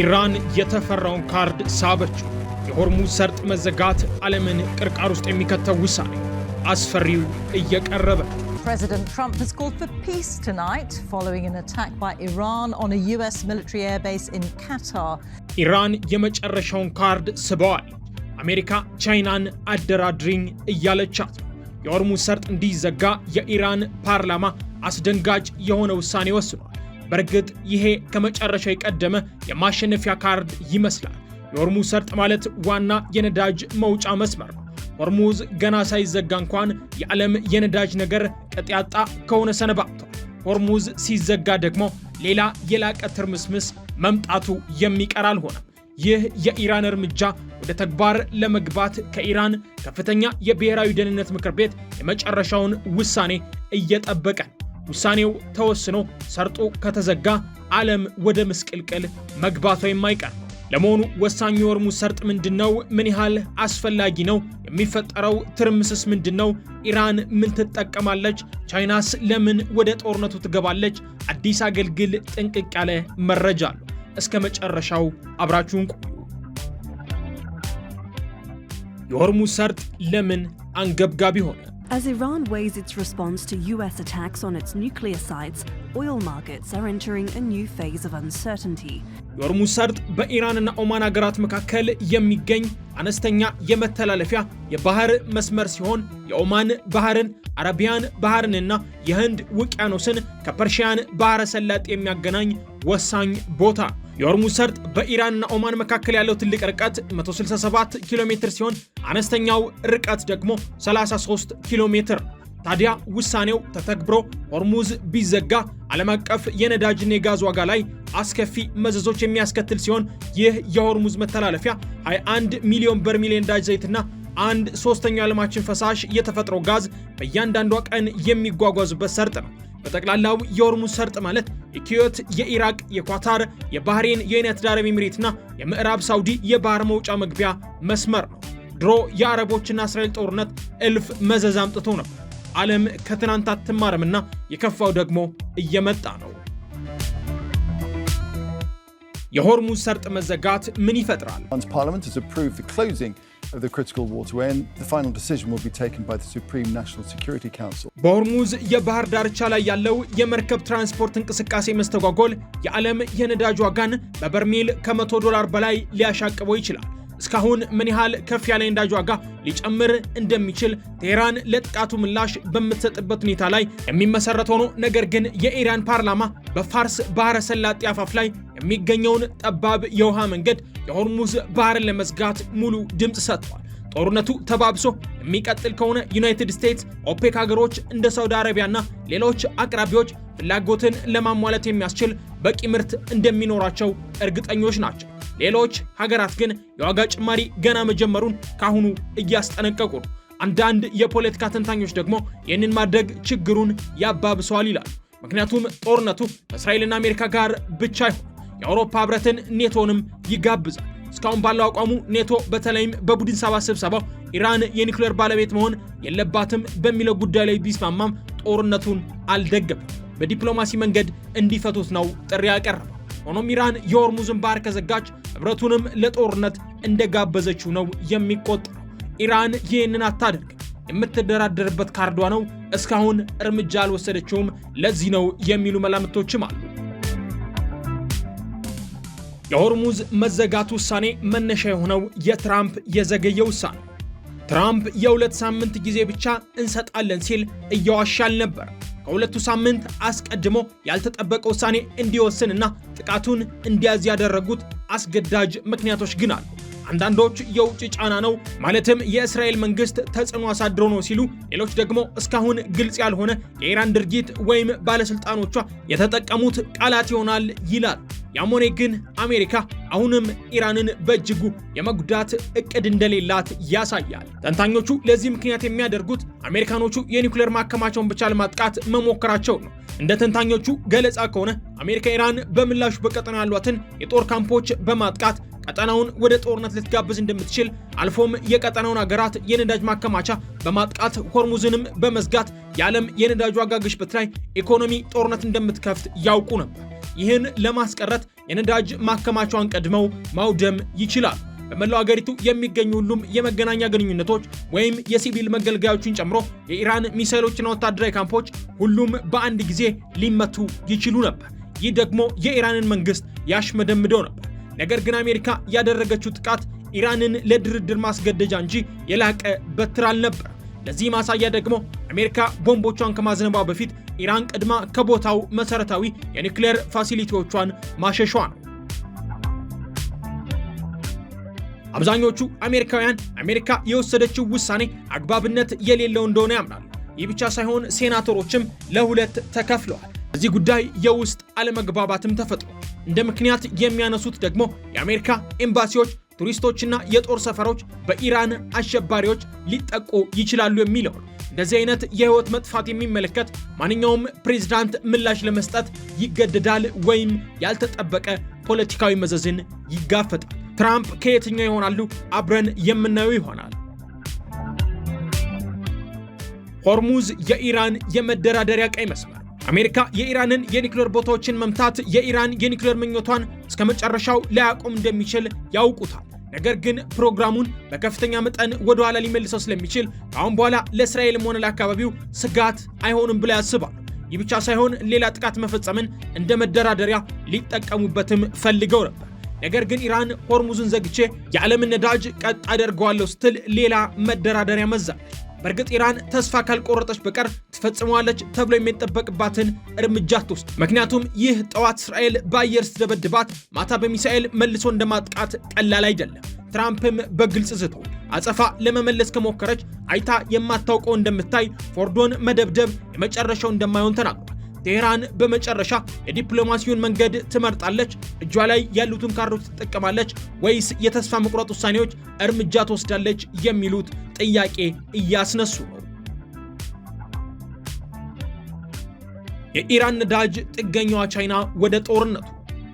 ኢራን የተፈራውን ካርድ ሳበች። የሆርሙዝ ሰርጥ መዘጋት ዓለምን ቅርቃር ውስጥ የሚከተው ውሳኔ አስፈሪው እየቀረበ President Trump has called for peace tonight following an attack by Iran on a US military airbase in Qatar. ኢራን የመጨረሻውን ካርድ ስበዋል። አሜሪካ ቻይናን አደራድሪኝ እያለቻት የሆርሙዝ ሰርጥ እንዲዘጋ የኢራን ፓርላማ አስደንጋጭ የሆነ ውሳኔ ወስኗል። በእርግጥ ይሄ ከመጨረሻ የቀደመ የማሸነፊያ ካርድ ይመስላል። የሆርሙዝ ሰርጥ ማለት ዋና የነዳጅ መውጫ መስመር ነው። ሆርሙዝ ገና ሳይዘጋ እንኳን የዓለም የነዳጅ ነገር ቅጥ ያጣ ከሆነ ሰነባብቷል። ሆርሙዝ ሲዘጋ ደግሞ ሌላ የላቀ ትርምስምስ መምጣቱ የሚቀር አልሆነም። ይህ የኢራን እርምጃ ወደ ተግባር ለመግባት ከኢራን ከፍተኛ የብሔራዊ ደህንነት ምክር ቤት የመጨረሻውን ውሳኔ እየጠበቀን ውሳኔው ተወስኖ ሰርጦ ከተዘጋ ዓለም ወደ ምስቅልቅል መግባቷ የማይቀር ለመሆኑ ወሳኝ የሆርሙዝ ሰርጥ ምንድን ነው? ምን ያህል አስፈላጊ ነው? የሚፈጠረው ትርምስስ ምንድን ነው? ኢራን ምን ትጠቀማለች? ቻይናስ ለምን ወደ ጦርነቱ ትገባለች? አዲስ አገልግል ጥንቅቅ ያለ መረጃ አለው። እስከ መጨረሻው አብራችሁን ቆዩ። የሆርሙዝ ሰርጥ ለምን አንገብጋቢ ሆነ? As Iran weighs its response to US attacks on its nuclear sites, oil markets are entering a new phase of uncertainty. የሆርሙዝ ሰርጥ በኢራንና ኦማን ሀገራት መካከል የሚገኝ አነስተኛ የመተላለፊያ የባህር መስመር ሲሆን የኦማን ባህርን፣ አረቢያን ባህርንና የህንድ ውቅያኖስን ከፐርሺያን ባህረ ሰላጤ የሚያገናኝ ወሳኝ ቦታ የኦርሙዝ ሰርጥ በኢራንና ኦማን መካከል ያለው ትልቅ ርቀት 167 ኪሎ ሜትር ሲሆን አነስተኛው ርቀት ደግሞ 33 ኪሎ ሜትር። ታዲያ ውሳኔው ተተግብሮ ኦርሙዝ ቢዘጋ ዓለም አቀፍ የነዳጅና የጋዝ ዋጋ ላይ አስከፊ መዘዞች የሚያስከትል ሲሆን ይህ የሆርሙዝ መተላለፊያ 21 ሚሊዮን በርሜል የነዳጅ ዘይትና አንድ ሶስተኛው የዓለማችን ፈሳሽ የተፈጥሮ ጋዝ በእያንዳንዷ ቀን የሚጓጓዙበት ሰርጥ ነው። በጠቅላላው የኦርሙዝ ሰርጥ ማለት የኪዮት፣ የኢራቅ፣ የኳታር፣ የባህሬን፣ የዩናይትድ አረብ ኤሚሬትና የምዕራብ ሳውዲ የባህር መውጫ መግቢያ መስመር ነው። ድሮ የአረቦችና እስራኤል ጦርነት እልፍ መዘዝ አምጥቶ ነበር። ዓለም ከትናንት አትማርምና የከፋው ደግሞ እየመጣ ነው። የሆርሙዝ ሰርጥ መዘጋት ምን ይፈጥራል? በሆርሙዝ የባህር ዳርቻ ላይ ያለው የመርከብ ትራንስፖርት እንቅስቃሴ መስተጓጎል የዓለም የነዳጅ ዋጋን በበርሜል ከመቶ ዶላር በላይ ሊያሻቅበው ይችላል። እስካሁን ምን ያህል ከፍ ያለ የነዳጅ ዋጋ ሊጨምር እንደሚችል ቴህራን ለጥቃቱ ምላሽ በምትሰጥበት ሁኔታ ላይ የሚመሰረት ሆኖ ነገር ግን የኢራን ፓርላማ በፋርስ ባህረ ሰላጤ አፋፍ ላይ የሚገኘውን ጠባብ የውሃ መንገድ የሆርሙዝ ባህርን ለመዝጋት ሙሉ ድምፅ ሰጥቷል። ጦርነቱ ተባብሶ የሚቀጥል ከሆነ ዩናይትድ ስቴትስ ኦፔክ ሀገሮች እንደ ሳውዲ አረቢያና ሌሎች አቅራቢዎች ፍላጎትን ለማሟላት የሚያስችል በቂ ምርት እንደሚኖራቸው እርግጠኞች ናቸው። ሌሎች ሀገራት ግን የዋጋ ጭማሪ ገና መጀመሩን ካሁኑ እያስጠነቀቁ ነው። አንዳንድ የፖለቲካ ተንታኞች ደግሞ ይህንን ማድረግ ችግሩን ያባብሰዋል ይላሉ። ምክንያቱም ጦርነቱ ከእስራኤልና አሜሪካ ጋር ብቻ ይሆን የአውሮፓ ህብረትን ኔቶንም ይጋብዛል። እስካሁን ባለው አቋሙ ኔቶ በተለይም በቡድን ሰባት ስብሰባው ኢራን የኒውክሌር ባለቤት መሆን የለባትም በሚለው ጉዳይ ላይ ቢስማማም ጦርነቱን አልደገፈም። በዲፕሎማሲ መንገድ እንዲፈቱት ነው ጥሪ ያቀረበ። ሆኖም ኢራን የሆርሙዝን ባህር ከዘጋች ህብረቱንም ለጦርነት እንደጋበዘችው ነው የሚቆጠረው። ኢራን ይህንን አታደርግ የምትደራደርበት ካርዷ ነው። እስካሁን እርምጃ አልወሰደችውም። ለዚህ ነው የሚሉ መላምቶችም አሉ። የሆርሙዝ መዘጋት ውሳኔ መነሻ የሆነው የትራምፕ የዘገየ ውሳኔ። ትራምፕ የሁለት ሳምንት ጊዜ ብቻ እንሰጣለን ሲል እየዋሻል ነበር። ከሁለቱ ሳምንት አስቀድሞ ያልተጠበቀ ውሳኔ እንዲወስንና ጥቃቱን እንዲያዝ ያደረጉት አስገዳጅ ምክንያቶች ግን አሉ። አንዳንዶች የውጭ ጫና ነው፣ ማለትም የእስራኤል መንግስት ተጽዕኖ አሳድሮ ነው ሲሉ፣ ሌሎች ደግሞ እስካሁን ግልጽ ያልሆነ የኢራን ድርጊት ወይም ባለስልጣኖቿ የተጠቀሙት ቃላት ይሆናል ይላል። ያም ሆነ ግን አሜሪካ አሁንም ኢራንን በእጅጉ የመጉዳት እቅድ እንደሌላት ያሳያል። ተንታኞቹ ለዚህ ምክንያት የሚያደርጉት አሜሪካኖቹ የኒውክሌር ማከማቸውን ብቻ ለማጥቃት መሞከራቸው ነው። እንደ ተንታኞቹ ገለጻ ከሆነ አሜሪካ ኢራን በምላሹ በቀጠና ያሏትን የጦር ካምፖች በማጥቃት ቀጠናውን ወደ ጦርነት ልትጋብዝ እንደምትችል አልፎም የቀጠናውን አገራት የነዳጅ ማከማቻ በማጥቃት ሆርሙዝንም በመዝጋት የዓለም የነዳጅ ዋጋ ግሽበት ላይ ኢኮኖሚ ጦርነት እንደምትከፍት ያውቁ ነበር። ይህን ለማስቀረት የነዳጅ ማከማቿን ቀድመው ማውደም ይችላል። በመላው አገሪቱ የሚገኙ ሁሉም የመገናኛ ግንኙነቶች ወይም የሲቪል መገልገያዎችን ጨምሮ የኢራን ሚሳይሎችና ወታደራዊ ካምፖች ሁሉም በአንድ ጊዜ ሊመቱ ይችሉ ነበር። ይህ ደግሞ የኢራንን መንግስት ያሽመደምደው ነበር። ነገር ግን አሜሪካ ያደረገችው ጥቃት ኢራንን ለድርድር ማስገደጃ እንጂ የላቀ በትር አልነበር። ለዚህ ማሳያ ደግሞ አሜሪካ ቦምቦቿን ከማዝነቧ በፊት ኢራን ቀድማ ከቦታው መሰረታዊ የኒውክሌር ፋሲሊቲዎቿን ማሸሿ ነው። አብዛኞቹ አሜሪካውያን አሜሪካ የወሰደችው ውሳኔ አግባብነት የሌለው እንደሆነ ያምናሉ። ይህ ብቻ ሳይሆን ሴናተሮችም ለሁለት ተከፍለዋል። በዚህ ጉዳይ የውስጥ አለመግባባትም ተፈጥሯል። እንደ ምክንያት የሚያነሱት ደግሞ የአሜሪካ ኤምባሲዎች ቱሪስቶችና የጦር ሰፈሮች በኢራን አሸባሪዎች ሊጠቁ ይችላሉ የሚለው ነው። እንደዚህ አይነት የህይወት መጥፋት የሚመለከት ማንኛውም ፕሬዝዳንት ምላሽ ለመስጠት ይገደዳል ወይም ያልተጠበቀ ፖለቲካዊ መዘዝን ይጋፈጣል። ትራምፕ ከየትኛው ይሆናሉ? አብረን የምናየው ይሆናል። ሆርሙዝ የኢራን የመደራደሪያ ቀይ መስመር አሜሪካ የኢራንን የኒክሌር ቦታዎችን መምታት የኢራን የኒክሌር ምኞቷን እስከ መጨረሻው ላያቆም እንደሚችል ያውቁታል። ነገር ግን ፕሮግራሙን በከፍተኛ መጠን ወደ ኋላ ሊመልሰው ስለሚችል ከአሁን በኋላ ለእስራኤልም ሆነ ለአካባቢው ስጋት አይሆንም ብለ ያስባል። ይህ ብቻ ሳይሆን ሌላ ጥቃት መፈጸምን እንደ መደራደሪያ ሊጠቀሙበትም ፈልገው ነበር። ነገር ግን ኢራን ሆርሙዝን ዘግቼ የዓለምን ነዳጅ ቀጥ አደርገዋለሁ ስትል ሌላ መደራደሪያ መዛለች። በእርግጥ ኢራን ተስፋ ካልቆረጠች በቀር ትፈጽመዋለች ተብሎ የሚጠበቅባትን እርምጃ ውስጥ ምክንያቱም ይህ ጠዋት እስራኤል በአየር ስትደበድባት ማታ በሚሳኤል መልሶ እንደማጥቃት ቀላል አይደለም። ትራምፕም በግልጽ ዝቶ አጸፋ ለመመለስ ከሞከረች አይታ የማታውቀው እንደምታይ ፎርዶን መደብደብ የመጨረሻው እንደማይሆን ተናግሯል። ቴህራን በመጨረሻ የዲፕሎማሲውን መንገድ ትመርጣለች? እጇ ላይ ያሉትን ካርዶች ትጠቀማለች ወይስ የተስፋ መቁረጥ ውሳኔዎች እርምጃ ትወስዳለች? የሚሉት ጥያቄ እያስነሱ ነው። የኢራን ነዳጅ ጥገኛዋ ቻይና ወደ ጦርነቱ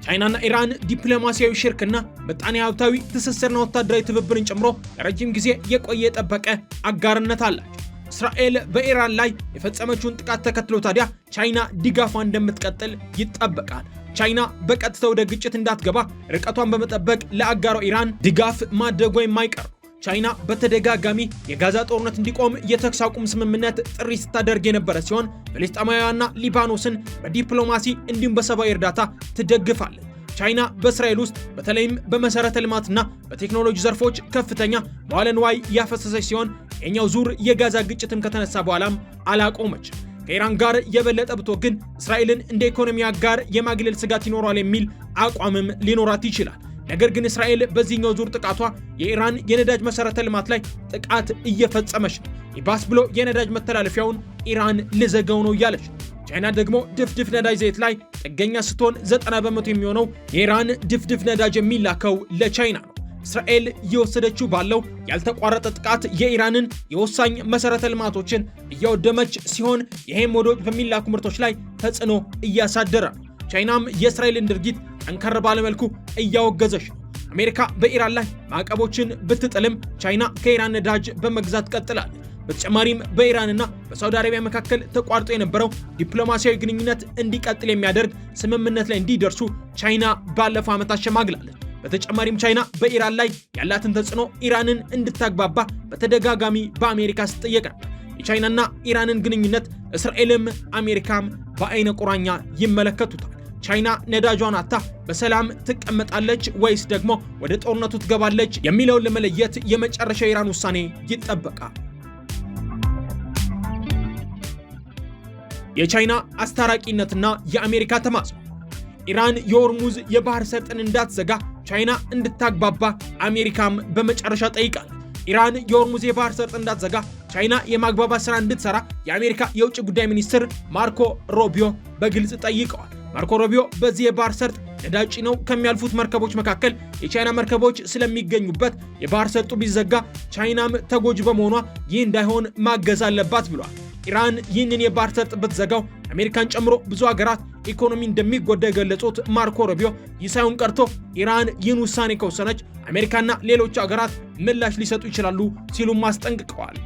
ቻይናና ኢራን ዲፕሎማሲያዊ ሽርክና ምጣኔ ሀብታዊ ትስስርና ወታደራዊ ትብብርን ጨምሮ ለረጅም ጊዜ የቆየ የጠበቀ አጋርነት አላቸው። እስራኤል በኢራን ላይ የፈጸመችውን ጥቃት ተከትሎ ታዲያ ቻይና ድጋፏ እንደምትቀጥል ይጠበቃል። ቻይና በቀጥታ ወደ ግጭት እንዳትገባ ርቀቷን በመጠበቅ ለአጋሯ ኢራን ድጋፍ ማድረጓ የማይቀር ቻይና በተደጋጋሚ የጋዛ ጦርነት እንዲቆም የተኩስ አቁም ስምምነት ጥሪ ስታደርግ የነበረ ሲሆን ፍልስጤማውያንና ሊባኖስን በዲፕሎማሲ እንዲሁም በሰብአዊ እርዳታ ትደግፋለች። ቻይና በእስራኤል ውስጥ በተለይም በመሰረተ ልማትና በቴክኖሎጂ ዘርፎች ከፍተኛ መዋለ ንዋይ ያፈሰሰች ሲሆን የኛው ዙር የጋዛ ግጭትም ከተነሳ በኋላም አላቆመች። ከኢራን ጋር የበለጠ ብቶ ግን እስራኤልን እንደ ኢኮኖሚ አጋር የማግለል ስጋት ይኖሯል የሚል አቋምም ሊኖራት ይችላል። ነገር ግን እስራኤል በዚህኛው ዙር ጥቃቷ የኢራን የነዳጅ መሰረተ ልማት ላይ ጥቃት እየፈጸመች ነው። ይባስ ብሎ የነዳጅ መተላለፊያውን ኢራን ልዘጋው ነው እያለች ቻይና ደግሞ ድፍድፍ ነዳጅ ዘይት ላይ ጥገኛ ስትሆን ዘጠና በመቶ የሚሆነው የኢራን ድፍድፍ ነዳጅ የሚላከው ለቻይና ነው። እስራኤል እየወሰደችው ባለው ያልተቋረጠ ጥቃት የኢራንን የወሳኝ መሰረተ ልማቶችን እያወደመች ሲሆን ይህም ወደ ውጭ በሚላኩ ምርቶች ላይ ተጽዕኖ እያሳደረ ቻይናም የእስራኤልን ድርጊት ጠንከር ባለመልኩ እያወገዘች ነው። አሜሪካ በኢራን ላይ ማዕቀቦችን ብትጥልም ቻይና ከኢራን ነዳጅ በመግዛት ቀጥላለች። በተጨማሪም በኢራንና በሳውዲ አረቢያ መካከል ተቋርጦ የነበረው ዲፕሎማሲያዊ ግንኙነት እንዲቀጥል የሚያደርግ ስምምነት ላይ እንዲደርሱ ቻይና ባለፈው ዓመት አሸማግላለች። በተጨማሪም ቻይና በኢራን ላይ ያላትን ተጽዕኖ ኢራንን እንድታግባባ በተደጋጋሚ በአሜሪካ ስትጠየቅ ነበር። የቻይናና ኢራንን ግንኙነት እስራኤልም አሜሪካም በአይነ ቁራኛ ይመለከቱታል። ቻይና ነዳጇን አታ በሰላም ትቀመጣለች ወይስ ደግሞ ወደ ጦርነቱ ትገባለች የሚለውን ለመለየት የመጨረሻ የኢራን ውሳኔ ይጠበቃል። የቻይና አስታራቂነትና የአሜሪካ ተማጽኖ ኢራን የኦርሙዝ የባህር ሰርጥን እንዳትዘጋ ቻይና እንድታግባባ አሜሪካም በመጨረሻ ጠይቃል። ኢራን የኦርሙዝ የባህር ሰርጥ እንዳትዘጋ ቻይና የማግባባት ስራ እንድትሰራ የአሜሪካ የውጭ ጉዳይ ሚኒስትር ማርኮ ሮቢዮ በግልጽ ጠይቀዋል። ማርኮ ሮቢዮ በዚህ የባህር ሰርጥ ነዳጅ ጭነው ከሚያልፉት መርከቦች መካከል የቻይና መርከቦች ስለሚገኙበት የባህር ሰርጡ ቢዘጋ ቻይናም ተጎጂ በመሆኗ ይህ እንዳይሆን ማገዝ አለባት ብሏል። ኢራን ይህንን የባህር ሰርጥ ብትዘጋው አሜሪካን ጨምሮ ብዙ ሀገራት ኢኮኖሚ እንደሚጎዳ የገለጹት ማርኮ ሮቢዮ ይህ ሳይሆን ቀርቶ ኢራን ይህን ውሳኔ ከወሰነች አሜሪካና ሌሎች አገራት ምላሽ ሊሰጡ ይችላሉ ሲሉም አስጠንቅቀዋል።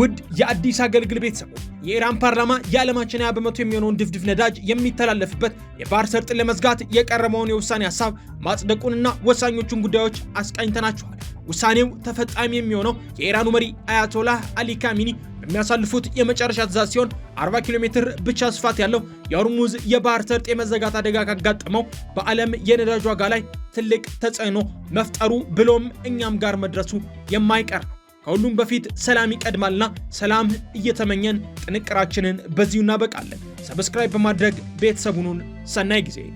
ውድ የአዲስ አገልግል ቤተሰቦች የኢራን ፓርላማ የዓለማችን 20 በመቶ የሚሆነውን ድፍድፍ ነዳጅ የሚተላለፍበት የባህር ሰርጥን ለመዝጋት የቀረበውን የውሳኔ ሀሳብ ማጽደቁንና ወሳኞቹን ጉዳዮች አስቃኝተናችኋል። ውሳኔው ተፈጻሚ የሚሆነው የኢራኑ መሪ አያቶላህ አሊ ካሚኒ የሚያሳልፉት የመጨረሻ ትእዛዝ ሲሆን 40 ኪሎ ሜትር ብቻ ስፋት ያለው የሆርሙዝ የባህር ሰርጥ የመዘጋት አደጋ ካጋጠመው በዓለም የነዳጅ ዋጋ ላይ ትልቅ ተጽዕኖ መፍጠሩ ብሎም እኛም ጋር መድረሱ የማይቀር ነው። ከሁሉም በፊት ሰላም ይቀድማልና ሰላም እየተመኘን ጥንቅራችንን በዚሁ እናበቃለን። ሰብስክራይብ በማድረግ ቤተሰቡኑን ሰናይ ጊዜ